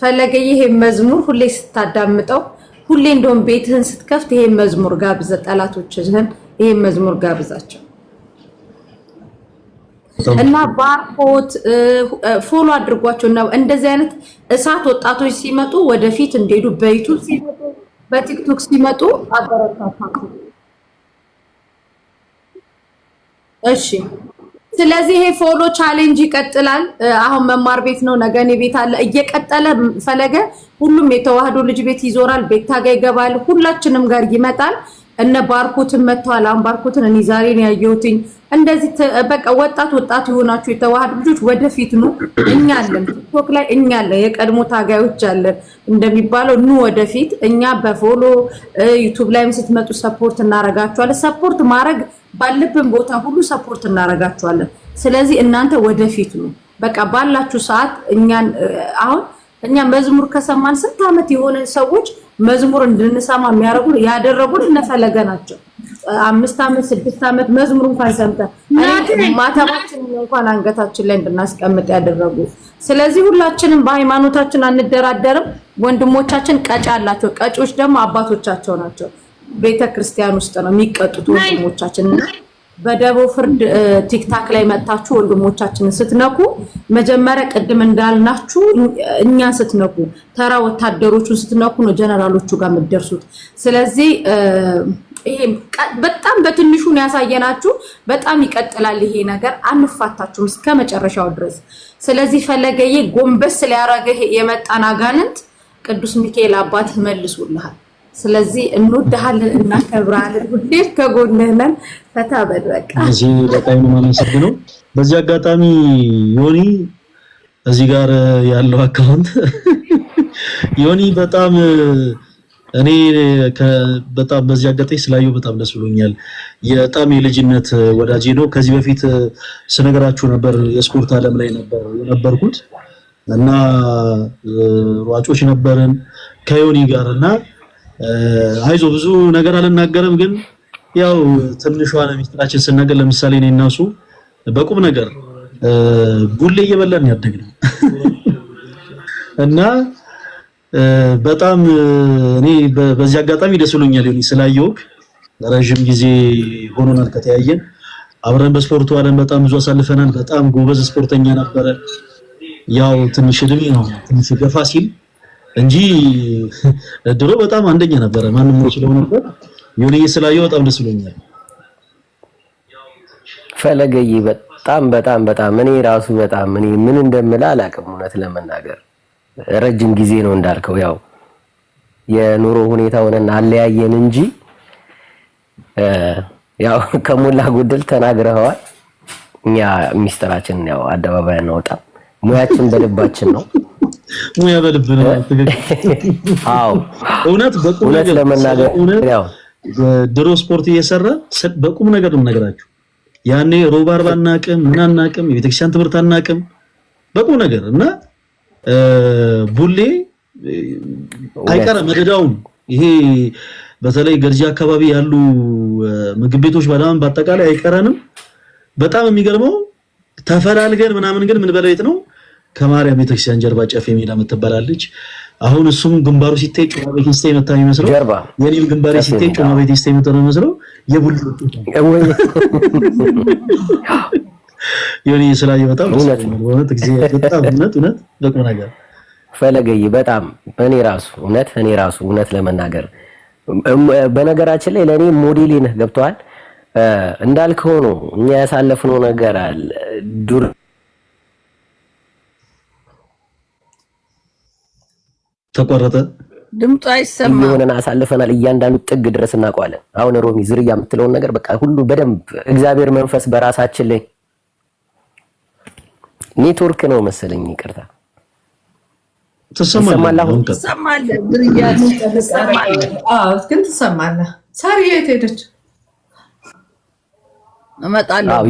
ፈለገ ይሄ መዝሙር ሁሌ ስታዳምጠው ሁሌ እንደውም ቤትህን ስትከፍት ይሄ መዝሙር ጋብዘ፣ ጠላቶችህን ይሄ መዝሙር ጋብዛቸው እና ባርኮት ፎሎ አድርጓቸው እና እንደዚህ አይነት እሳት ወጣቶች ሲመጡ ወደፊት እንደሄዱ በይቱ ሲመጡ በቲክቶክ ሲመጡ አበረታታቸው። እሺ ስለዚህ ይሄ ፎሎ ቻሌንጅ ይቀጥላል። አሁን መማር ቤት ነው፣ ነገ እኔ ቤት አለ እየቀጠለ ፈለገ ሁሉም የተዋህዶ ልጅ ቤት ይዞራል፣ ቤታ ጋ ይገባል፣ ሁላችንም ጋር ይመጣል። እነ ባርኮትን መጥተዋል። አሁን ባርኮትን እኔ ዛሬ ነው ያየሁትኝ። እንደዚህ በቃ ወጣት ወጣት የሆናችሁ የተዋሃዱ ልጆች ወደፊት ኑ፣ እኛ አለን፣ ቲክቶክ ላይ እኛ አለን፣ የቀድሞ ታጋዮች አለን እንደሚባለው ኑ ወደፊት። እኛ በፎሎ ዩቱብ ላይም ስትመጡ ሰፖርት እናረጋችኋለን። ሰፖርት ማድረግ ባለብን ቦታ ሁሉ ሰፖርት እናረጋችኋለን። ስለዚህ እናንተ ወደፊት ኑ፣ በቃ ባላችሁ ሰዓት እኛን አሁን እኛ መዝሙር ከሰማን ስንት ዓመት የሆነ ሰዎች መዝሙር እንድንሰማ የሚያደርጉ ያደረጉን እነፈለገ ናቸው። አምስት ዓመት ስድስት ዓመት መዝሙር እንኳን ሰምተን ማተባችን እንኳን አንገታችን ላይ እንድናስቀምጥ ያደረጉ። ስለዚህ ሁላችንም በሃይማኖታችን አንደራደርም። ወንድሞቻችን ቀጭ አላቸው። ቀጪዎች ደግሞ አባቶቻቸው ናቸው። ቤተክርስቲያን ውስጥ ነው የሚቀጡት ወንድሞቻችን በደቦ ፍርድ ቲክታክ ላይ መታችሁ ወንድሞቻችንን ስትነኩ መጀመሪያ ቅድም እንዳልናችሁ እኛን ስትነኩ ተራ ወታደሮቹን ስትነኩ ነው ጀነራሎቹ ጋር የምትደርሱት። ስለዚህ ይሄ በጣም ነው ያሳየናችሁ። በጣም ይቀጥላል ይሄ ነገር፣ አንፋታችሁም እስከ መጨረሻው ድረስ። ስለዚህ ፈለገዬ ጎንበስ ሊያረገ የመጣን አጋንንት ቅዱስ ሚካኤል አባት መልሶልሃል። ስለዚህ እንወድሃለን፣ እናከብራለን። ሁሌም ከጎንህ ነን። ፈታ በል በቃ። እዚህ በጣም ነው የማመሰግነው። በዚህ አጋጣሚ ዮኒ እዚህ ጋር ያለው አካውንት ዮኒ በጣም እኔ በጣም በዚህ አጋጣሚ ስላየው በጣም ደስ ብሎኛል። የጣም የልጅነት ወዳጄ ነው። ከዚህ በፊት ስነገራችሁ ነበር የስፖርት ዓለም ላይ ነበር የነበርኩት እና ሯጮች ነበርን ከዮኒ ጋር እና አይዞ ብዙ ነገር አልናገርም፣ ግን ያው ትንሿ ለሚስጥራችን ስነገር ለምሳሌ እኔ እና እሱ በቁም ነገር ቡሌ እየበላን ያደግነው እና በጣም እኔ በዚህ አጋጣሚ ደስ ብሎኛል ይሁን ስላየሁህ። ረዥም ጊዜ ሆኖናል ከተያየን። አብረን በስፖርቱ ዓለም በጣም ብዙ አሳልፈናል። በጣም ጎበዝ ስፖርተኛ ነበረ። ያው ትንሽ እድሜ ነው ትንሽ ገፋ ሲል እንጂ ድሮ በጣም አንደኛ ነበረ። ማንም ይችለው ነበር። ዮኒዬ ስላየው በጣም ደስ ብሎኛል። ፈለገዬ በጣም በጣም በጣም እኔ ራሱ በጣም እኔ ምን እንደምልህ አላውቅም። እውነት ለመናገር ረጅም ጊዜ ነው እንዳልከው ያው የኑሮ ሁኔታውን አለያየን እንጂ ያው ከሞላ ጎደል ተናግረኸዋል። እኛ ሚስጥራችንን ያው አደባባይ አናወጣም። ሙያችን በልባችን ነው። ሙያ በልብ ነው። እውነት በቁም ነገር ድሮ ስፖርት እየሰራ በቁም ነገር ነው ነገራችሁ። ያኔ ሮብ አርባ አናቅም፣ ምን አናቅም፣ የቤተክርስቲያን ትምህርት አናቅም። በቁም ነገር እና ቡሌ አይቀርም መደዳውን ይሄ በተለይ ገርጂ አካባቢ ያሉ ምግብ ቤቶች በጣም በአጠቃላይ አይቀረንም። በጣም የሚገርመው ተፈላልገን ምናምን ግን ምን በለቤት ነው ከማርያም ቤተክርስቲያን ጀርባ ጨፌ ሜዳ የምትባላለች። አሁን እሱም ግንባሩ ሲታይ ጮማ ቤት ቤተክርስቲያን የመታ የሚመስለው የኔም ግንባሬ ሲታይ ጮማ ቤተክርስቲያን የመታ ነው መስለው የቡል የሆነ ስላየ በጣም በእውነት ጊዜ በጣም እውነት እውነት በቁም ነገር ፈለገይ በጣም እኔ ራሱ እውነት እኔ ራሱ እውነት ለመናገር በነገራችን ላይ ለእኔ ሞዴሊን ነህ። ገብተዋል እንዳልክ ሆኖ እኛ ያሳለፍነው ነገር አለ ዱር ተቆረጠ። ድምጡ አይሰማ የሆነን አሳልፈናል። እያንዳንዱ ጥግ ድረስ እናውቀዋለን። አሁን ሮሚ ዝርያ የምትለውን ነገር በቃ ሁሉ በደንብ እግዚአብሔር መንፈስ በራሳችን ላይ ኔትወርክ ነው መሰለኝ። ይቅርታ ትሰማለህ? ትሰማለህ? ዝርያ ትሰማለህ? አዎ፣ ግን ትሰማለህ። ሳሪ የት ሄደች? እመጣለሁ። አዎ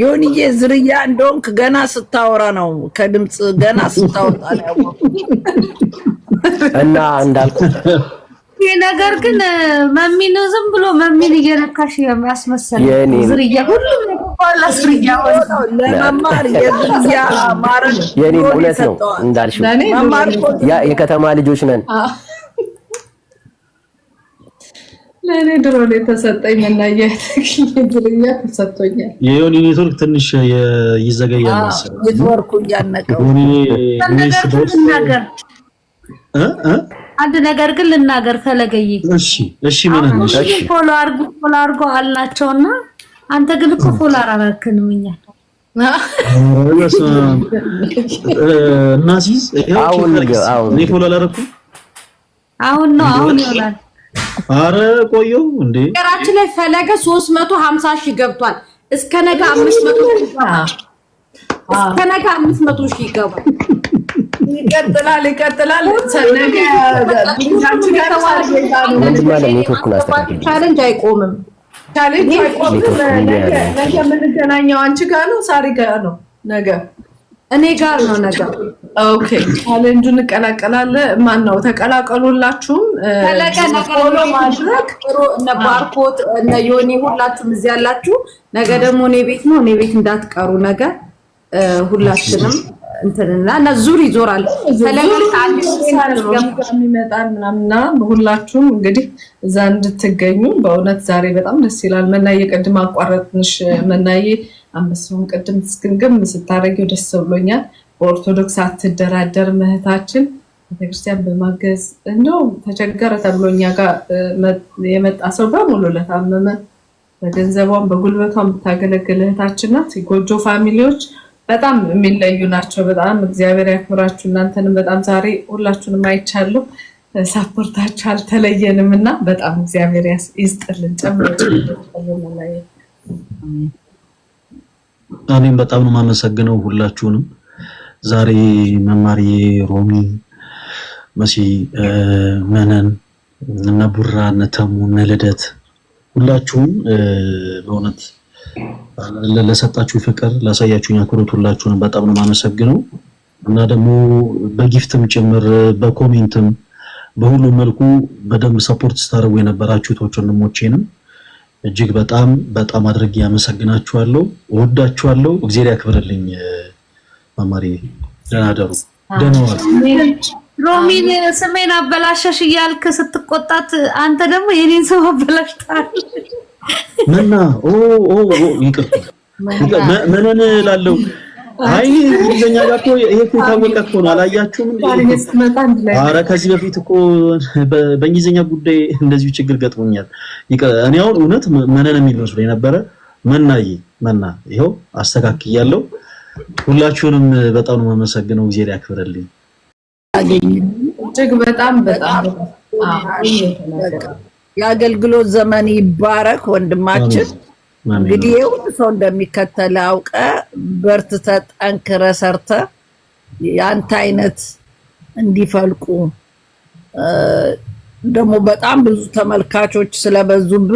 ዮኒዬ ዝርያ እንደሆንክ ገና ስታወራ ነው ከድምፅ ገና ስታወጣ እና እንዳልኩ ይህ ነገር ግን መሚን ዝም ብሎ መሚን እየነካሽ የሚያስመሰል ዝርያ ሁሉም ዝርያ ለመማር የዝርያ ማረግ የኔ እውነት ነው እንዳልሽው የከተማ ልጆች ነን። ለእኔ ድሮ ነው የተሰጠኝ መናያ ትግልኛ ተሰጥቶኛል። የዮኒ ኔትወርክ ትንሽ ይዘገያል ኔትወርኩ እያነቀው አንድ ነገር ግን ልናገር ፈለገይ። እሺ፣ እሺ፣ ምን ፎሎ አርጉ፣ ፎሎ አርጉ አላቸውና አንተ ግን እኮ ፎሎ አላረክንም እኛ እናሲዝ አሁን ነው አሁን ይሆናል አረ ቆየው እንዴ ራችን ላይ ፈለገ 350 ሺህ ገብቷል። እስከ ነገ 500 ሺህ እስከ ነገ 500 ሺህ ይገባል። ይቀጥላል ይቀጥላል። ነገ ቻሌንጅ አይቆምም። ቻሌንጅ አይቆምም። ነገ የምንገናኘው አንቺ ጋር ነው፣ ሳሪ ጋር ነው ነገ እኔ ጋር ነው ነገር። ኦኬ ቻሌንጁን እንቀላቀላለን። ማን ነው ተቀላቀሉላችሁም? ፎሎ ማድረግ ጥሩ። እነ ባርኮት እነ ዮኒ ሁላችሁም እዚህ ያላችሁ፣ ነገ ደግሞ እኔ ቤት ነው እኔ ቤት እንዳትቀሩ ነገ ሁላችንም እንትንና እና ዙር ይዞራል ይመጣል ምናምና ሁላችሁም እንግዲህ እዛ እንድትገኙ በእውነት ዛሬ በጣም ደስ ይላል። መናዬ ቅድም አቋረጥንሽ። መናዬ አምስቱን ቅድም ስግምግም ስታደርጊው ደስ ብሎኛል። በኦርቶዶክስ አትደራደር እህታችን ቤተክርስቲያን በማገዝ እንደው ተቸገረ ተብሎ እኛ ጋር የመጣ ሰው በሙሉ ለታመመ በገንዘቧም በጉልበቷም የምታገለግል እህታችን ናት። ጎጆ ፋሚሊዎች በጣም የሚለዩ ናቸው። በጣም እግዚአብሔር ያክብራችሁ። እናንተንም በጣም ዛሬ ሁላችሁንም አይቻለሁ። ሳፖርታችሁ አልተለየንም እና በጣም እግዚአብሔር ይስጥልን። ጨምሮ እኔም በጣም ነው የማመሰግነው ሁላችሁንም። ዛሬ መማሪ ሮሚ፣ መሲ፣ መነን እነ ቡራ፣ እነ ተሙ፣ እነ ልደት ሁላችሁም በእውነት ለሰጣችሁ ፍቅር ላሳያችሁኝ አክብሮት ሁላችሁንም በጣም ነው የማመሰግነው እና ደግሞ በጊፍትም ጭምር በኮሜንትም በሁሉም መልኩ በደንብ ሰፖርት ስታደርጉ የነበራችሁ ቶች ወንድሞቼንም እጅግ በጣም በጣም አድርጌ ያመሰግናችኋለሁ። ወዳችኋለሁ። እግዜር ያክብርልኝ። መማሪ ደህና ደሩ ሮሚን ስሜን አበላሸሽ እያልክ ስትቆጣት አንተ ደግሞ የኔን ስም አበላሽታል። መና ምንን ላለው አይ እንግሊዘኛ ጋር እኮ ይሄ እኮ የታወቀ እኮ ነው። አላያችሁም? ኧረ ከዚህ በፊት እኮ በእንግሊዘኛ ጉዳይ እንደዚሁ ችግር ገጥሞኛል። እኔ አሁን እውነት መነን የሚል መስሎ የነበረ መናዬ መና ይኸው አስተካክያለሁ። ሁላችሁንም በጣም ነው የማመሰግነው። እግዚአብሔር ያክብርልኝ። እጅግ በጣም በጣም የአገልግሎት ዘመን ይባረክ ወንድማችን። እንግዲህ የሁሉ ሰው እንደሚከተል አውቀ በርትተ ጠንክረ ሰርተ የአንተ አይነት እንዲፈልቁ ደግሞ በጣም ብዙ ተመልካቾች ስለበዙብ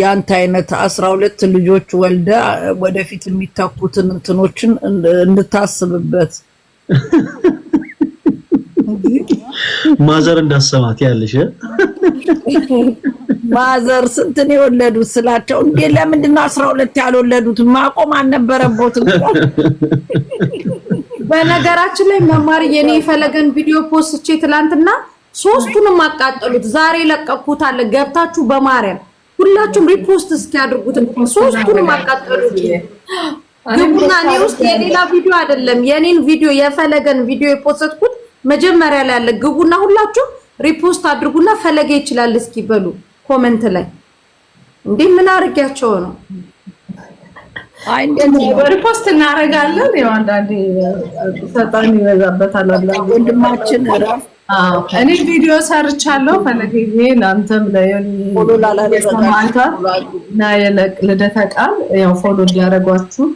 የአንተ አይነት አስራ ሁለት ልጆች ወልደ ወደፊት የሚተኩትን እንትኖችን እንድታስብበት ማዘር እንዳሰማት ያለሽ ማዘር ስንት የወለዱት ስላቸው፣ እንዴ ለምንድን ነው አስራ ሁለት ያልወለዱት? ማቆም አልነበረቦት። በነገራችን ላይ መማር የኔ የፈለገን ቪዲዮ ፖስትቼ ትላንትና ሶስቱንም አቃጠሉት። ዛሬ ለቀኩት አለ። ገብታችሁ በማርያም ሁላችሁም ሪፖስት እስኪያድርጉት ሶስቱንም አቃጠሉት። ግቡና እኔ ውስጥ የሌላ ቪዲዮ አይደለም የኔን ቪዲዮ የፈለገን ቪዲዮ የፖስትኩት መጀመሪያ ላይ ያለ ግቡና ሁላችሁ ሪፖስት አድርጉና ፈለገ ይችላል እስኪ በሉ ኮመንት ላይ እንዴ ምን አርጋቸው ነው? አይ ሪፖስት እናደርጋለን። ያው አንዳንዴ ሰጣን ይበዛበታል። ወንድማችን ራፍ እኔ ቪዲዮ ሰርቻለሁ። ፈለገ ይሄ ፈለገዬ አንተም ለየና ልደተ ቃል ያው ፎሎ እንዲያደርጓችሁ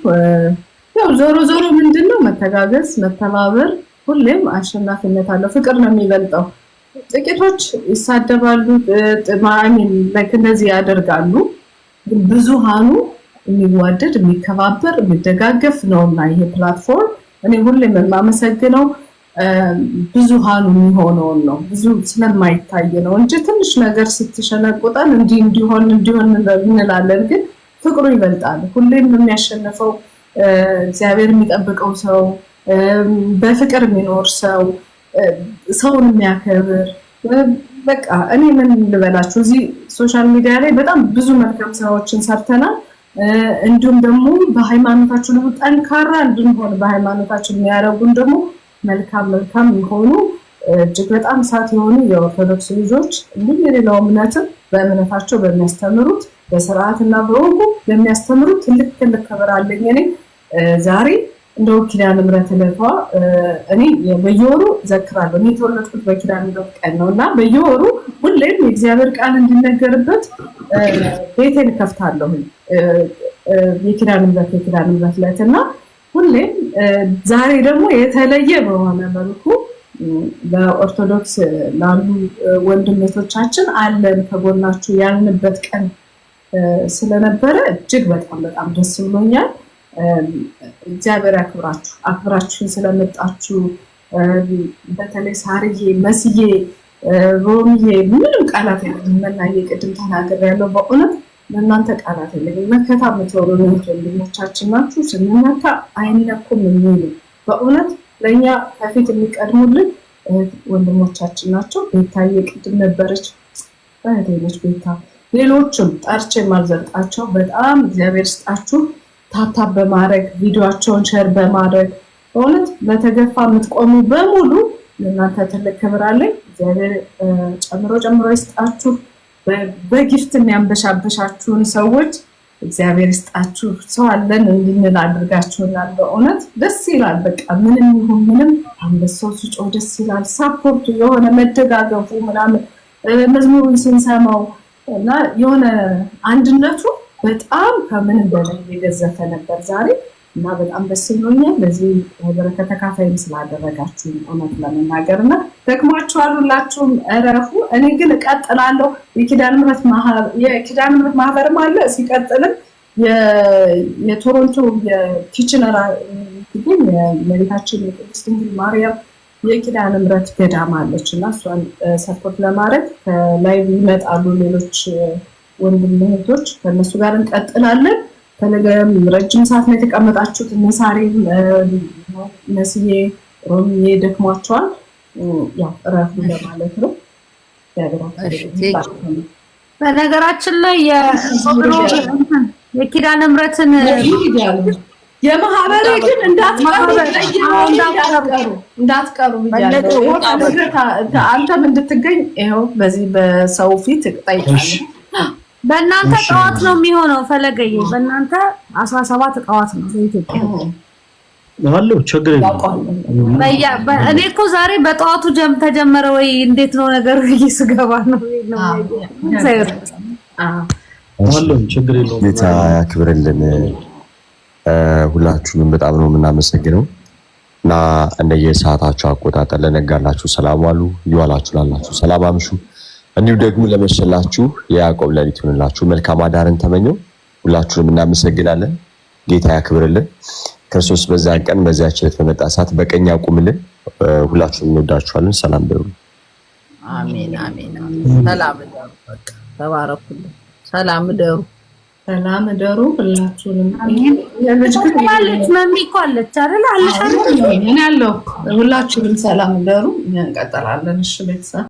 ያው ዞሮ ዞሮ ምንድን ነው መተጋገዝ፣ መተባበር ሁሌም አሸናፊነት አለው። ፍቅር ነው የሚበልጠው። ጥቂቶች ይሳደባሉ፣ እንደዚህ ያደርጋሉ። ብዙሃኑ የሚዋደድ የሚከባበር፣ የሚደጋገፍ ነውና ይሄ ፕላትፎርም እኔ ሁሌም የማመሰግነው ብዙሃኑ የሚሆነውን ነው። ብዙ ስለማይታይ ነው እንጂ ትንሽ ነገር ስትሸነቁጠን እንዲህ እንዲሆን እንዲሆን እንላለን። ግን ፍቅሩ ይበልጣል። ሁሌም የሚያሸንፈው እግዚአብሔር የሚጠብቀው ሰው በፍቅር የሚኖር ሰው፣ ሰውን የሚያከብር በቃ እኔ ምን ልበላችሁ እዚህ ሶሻል ሚዲያ ላይ በጣም ብዙ መልካም ስራዎችን ሰርተናል። እንዲሁም ደግሞ በሃይማኖታችን ደግሞ ጠንካራ እንድንሆን በሃይማኖታችን የሚያደርጉን ደግሞ መልካም መልካም የሆኑ እጅግ በጣም ሳት የሆኑ የኦርቶዶክስ ልጆች እንዲሁም የሌላው እምነትም በእምነታቸው በሚያስተምሩት በስርዓትና በወጉ በሚያስተምሩት ትልቅ ትልቅ ክብር አለኝ እኔ ዛሬ እንደው ኪዳነ ምሕረት ዕለቷ እኔ በየወሩ ዘክራለሁ። እኔ የተወለድኩት በኪዳነ ምሕረት ቀን ነው እና በየወሩ ሁሌም የእግዚአብሔር ቃል እንዲነገርበት ቤቴን ከፍታለሁ የኪዳነ ምሕረት የኪዳነ ምሕረት ዕለት እና ሁሌም ዛሬ ደግሞ የተለየ በሆነ መልኩ በኦርቶዶክስ ላሉ ወንድሞቻችን አለን ከጎናችሁ ያልንበት ቀን ስለነበረ እጅግ በጣም በጣም ደስ ብሎኛል። እግዚአብሔር ያክብራችሁ። አክብራችሁን ስለመጣችሁ በተለይ ሳርዬ፣ መስዬ፣ ሮምዬ ምንም ቃላት ያለ መናዬ ቅድም ተናገር ያለው በእውነት ለእናንተ ቃላት የለኝም። መከታ የምትወሩ ወንድሞቻችን ናችሁ። ስንመታ አይነኩም የሚሉ በእውነት ለእኛ ከፊት የሚቀድሙልን ወንድሞቻችን ናቸው። ቤታዬ ቅድም ነበረች በሌሎች ቤታ ሌሎችም ጠርቼ ማልዘልቃቸው በጣም እግዚአብሔር ስጣችሁ። ታታብ በማድረግ ቪዲዮቸውን ሸር በማድረግ በእውነት ለተገፋ የምትቆሙ በሙሉ ለእናንተ ትልቅ ክብር አለኝ። እግዚአብሔር ጨምሮ ጨምሮ ይስጣችሁ። በጊፍት የሚያንበሻበሻችሁን ሰዎች እግዚአብሔር ይስጣችሁ። ሰው አለን እንድንል አድርጋችሁናል። በእውነት ደስ ይላል። በቃ ምንም ይሁን ምንም አንበሳው ሲጮህ ደስ ይላል። ሳፖርቱ የሆነ መደጋገፉ ምናምን መዝሙሩን ስንሰማው እና የሆነ አንድነቱ በጣም ከምንም በላይ የገዘፈ ነበር ዛሬ እና በጣም ደስ ብሎኛል። በዚህ በረከት ተካፋይም ስላደረጋችሁ እውነት ለመናገር እና ደክማችኋል። ሁላችሁም እረፉ። እኔ ግን እቀጥላለሁ። የኪዳን ምረት ማህበርም አለ። ሲቀጥልም የቶሮንቶ የኪችነራ ግን የመቤታችን የቅድስት ድንግል ማርያም የኪዳነ ምሕረት ገዳም አለች እና እሷን ሰፖርት ለማድረግ ከላይ ይመጣሉ ሌሎች ወንድም እህቶች ከእነሱ ጋር እንቀጥላለን። ተነገም ረጅም ሰዓት ነው የተቀመጣችሁት። ነሳሪም መስዬ ሮሚዬ ደክሟቸዋል። ያው ለማለት ነው። በነገራችን ላይ የኪዳነ ምሕረትን የማህበሬ ግን እንዳትቀሩ አንተም እንድትገኝ ይኸው በዚህ በሰው ፊት ጠይቃለሁ። በእናንተ ጠዋት ነው የሚሆነው። ፈለገዬ በእናንተ አስራ ሰባት ጠዋት ነው በኢትዮጵያ አለው። ችግር እኔ እኮ ዛሬ በጠዋቱ ተጀመረ ወይ እንዴት ነው ነገሩ? ስገባ ነው ችግር የለውም። ጌታ ያክብርልን። ሁላችሁንም በጣም ነው የምናመሰግነው እና እንደየሰዓታችሁ አቆጣጠር ለነጋላችሁ ሰላም ዋሉ፣ ይዋላችሁ ላላችሁ ሰላም አምሹ። እንዲሁ ደግሞ ለመሸላችሁ የያዕቆብ ለሊት ይሁንላችሁ። መልካም አዳርን ተመኘው። ሁላችሁንም እናመሰግናለን። ጌታ ያክብርልን። ክርስቶስ በዚያን ቀን በዚያች ዕለት በመጣ ሰዓት በቀኝ ያቁምልን። ሁላችሁንም እንወዳችኋለን። ሰላም ብሩ። አሜን አሜን። ሰላም እደሩ። ሰላም ደሩ ሰላም እደሩ። ሁላችሁንም አለች መሚ እኮ አለች አይደል? ሁላችሁንም ሰላም ደሩ። እንቀጥላለን። እሺ ቤተሰብ